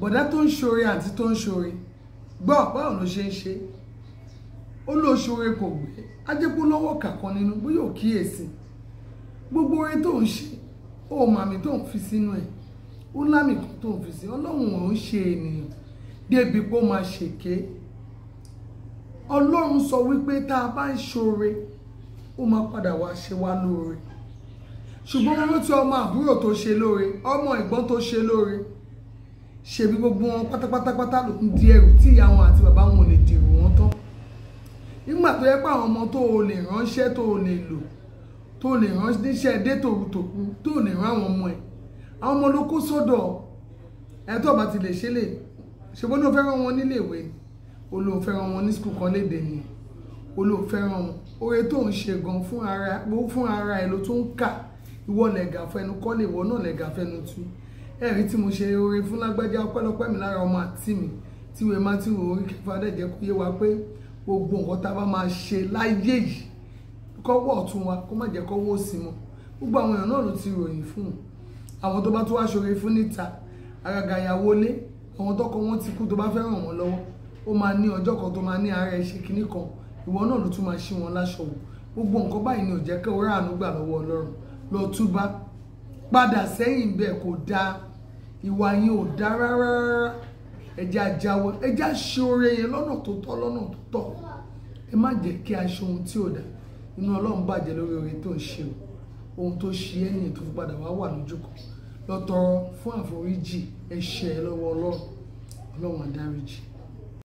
bọ̀dá tó ń ṣoore àǹtí tó ń ṣoore gbọ́ báwo ló ṣe ń ṣe ó ló ṣoore kò gbé ajẹ́pọ̀ lọ́wọ́ kàkan nínú bóyá ò kíyèsí gbogbo oore tó ń ṣe ó màmí tó ń fi sínú ẹ̀ ó lámì kan tó ń fi sí ọlọ́run ò ń ṣe ènìyàn débi pé ó máa ṣèké ọlọ́run sọ wípé tá a bá ń ṣoore ó máa padà wá ṣe wá lóore ṣùgbọ́n mo rántí ọmọ àbúrò tó ṣe lóore ọmọ ẹ̀gbọ́n tó ṣe lóore ṣebí gbogbo wọn pátápátápátá ló ń di ẹrù tí ìyá wọn àti bàbá wọn ò lè dèrò wọn tán nígbà tó yẹ pé àwọn ọmọ tó o lè ránṣẹ́ tó o lè lò tó o lè ránṣẹ́ níṣẹ́ dé tòrutòku tó o lè rán àwọn ọmọ ẹ̀ àwọn ọmọ ló kó sọ́dọ̀ ẹ tó bá ti lè ṣe lè ṣùgbọ́n ló fẹ́ràn wọn níléèwé olóò fẹ́ràn wọn ní skul kan léde ni olóò fẹ́ràn wọn oore tó ń ṣe gan fún ara fún ara ẹ ló tún ń kà ìwọ lẹ̀gà fẹnu kọ́lé ìwọ náà lẹ̀gà fẹnu tú ẹ̀rí tí mo ṣe oore fún lágbájá ọpẹ́lọpẹ́ mi lára ọmọ àti mi tí wèé má ti wò orí kẹfà dẹ̀jẹ̀ kó yé wa pé gbogbo nǹkan tá a bá máa ṣe láyé yìí kọ́wọ́ ọ̀tún wa kó má jẹ́ kọ́wọ́ òsì mọ́ gbogbo àwọn èèyàn náà ló ti ròyìn fún un àwọn tó bá tó wá ṣoore fún níta àgàgà ìyàwó lé àwọn tọkọ wọn ti kú tó bá fẹ́ ràn wọ́n lọ́wọ́ ó máa ní ọjọ́ kan tó máa ní ara ẹ̀ ṣe kinní kan ìwọ náà ló tún máa ṣí wọn láṣọ wò gbogbo nǹkan báyìí ni ò jẹ́ kẹ́ ó ráàánú gbà lọ́wọ́ ọlọ́run lọ túbá padà sẹ́yìn bẹ́ẹ̀ kò dáa ìwà yín ò dáa rárá ẹja jáwọ́ ẹja ṣe oore yẹn lọ́nà tó tọ́ lọ́nà tó tọ́ ẹ má jẹ́ kí a ṣe ohun tí ò dáa inú ọlọ́run bàjẹ́ lórí oore tó ń ṣe o ohun tó ṣe é nìyẹn tó fi padà wá wà lójú kan lọ tọrọ fún àforíjì ẹ̀ṣẹ̀ lọ́wọ́ ọlọ́run ọlọ́run adáríjì